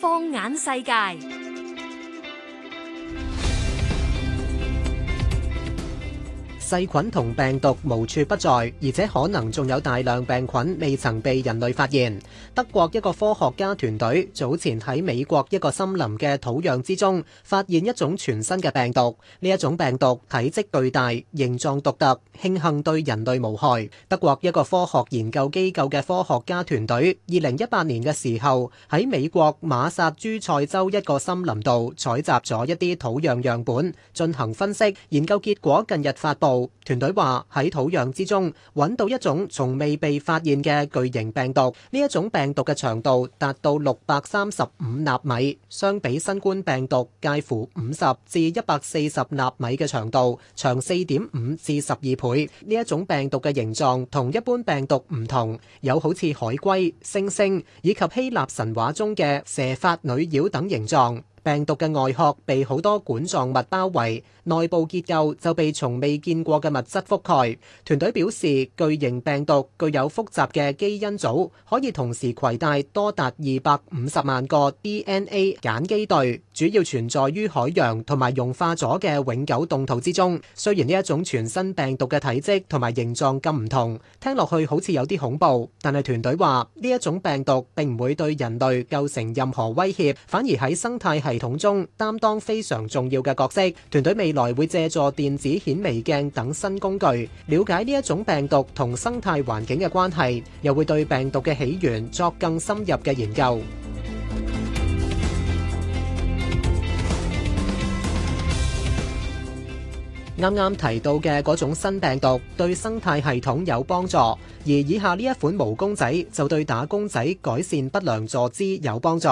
放眼世界。細菌同病毒無處不在，而且可能仲有大量病菌未曾被人類發現。德國一個科學家團隊早前喺美國一個森林嘅土壤之中發現一種全新嘅病毒。呢一種病毒體積巨大，形狀獨特，慶幸對人類無害。德國一個科學研究機構嘅科學家團隊，二零一八年嘅時候喺美國馬薩諸塞州一個森林度採集咗一啲土壤樣本進行分析，研究結果近日發布。團隊話喺土壤之中揾到一種從未被發現嘅巨型病毒，呢一種病毒嘅長度達到六百三十五納米，相比新冠病毒介乎五十至一百四十納米嘅長度，長四點五至十二倍。呢一種病毒嘅形狀同一般病毒唔同，有好似海龜、猩猩，以及希臘神話中嘅蛇髮女妖等形狀。病毒嘅外殼被好多管狀物包圍，內部結構就被從未見過嘅物質覆蓋。團隊表示，巨型病毒具有複雜嘅基因組，可以同時攜帶多達二百五十萬個 DNA 鹼基對，主要存在於海洋同埋融化咗嘅永久凍土之中。雖然呢一種全新病毒嘅體積同埋形狀咁唔同，聽落去好似有啲恐怖，但係團隊話呢一種病毒並唔會對人類構成任何威脅，反而喺生態系系統中擔當非常重要嘅角色，團隊未來會借助電子顯微鏡等新工具，了解呢一種病毒同生態環境嘅關係，又會對病毒嘅起源作更深入嘅研究。啱啱提到嘅嗰種新病毒對生態系統有幫助，而以下呢一款毛公仔就對打工仔改善不良坐姿有幫助。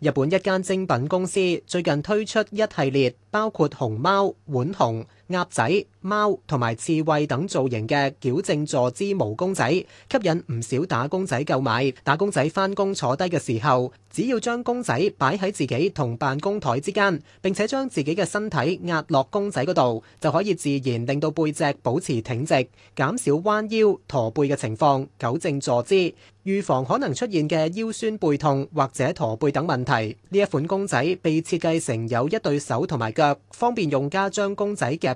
日本一間精品公司最近推出一系列，包括熊貓、浣熊、鴨仔、貓同埋刺蝟等造型嘅矯正坐姿毛公仔，吸引唔少打工仔購買。打工仔返工坐低嘅時候，只要將公仔擺喺自己同辦公台之間，並且將自己嘅身體壓落公仔嗰度，就可以自然令到背脊保持挺直，減少彎腰駝背嘅情況，糾正坐姿，預防可能出現嘅腰酸背痛或者駝背等問題。呢一款公仔被設計成有一對手同埋腳，方便用家將公仔夾。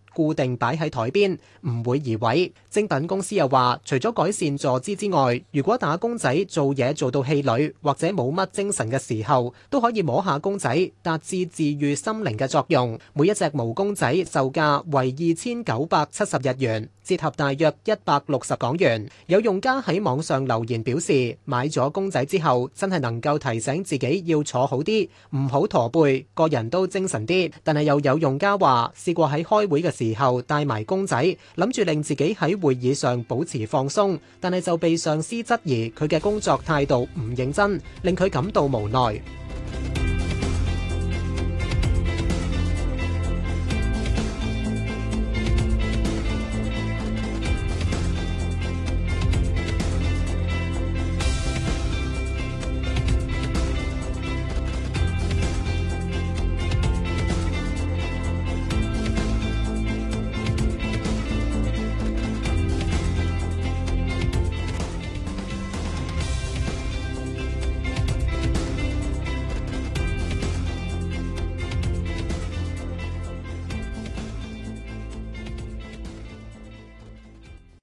固定擺喺台邊，唔會移位。精品公司又話，除咗改善坐姿之外，如果打工仔做嘢做到氣餒或者冇乜精神嘅時候，都可以摸下公仔，達至治愈心靈嘅作用。每一隻毛公仔售價為二千九百七十日元，折合大約一百六十港元。有用家喺網上留言表示，買咗公仔之後，真係能夠提醒自己要坐好啲，唔好駝背，個人都精神啲。但係又有用家話，試過喺開會嘅時候，時候帶埋公仔，諗住令自己喺會議上保持放鬆，但係就被上司質疑佢嘅工作態度唔認真，令佢感到無奈。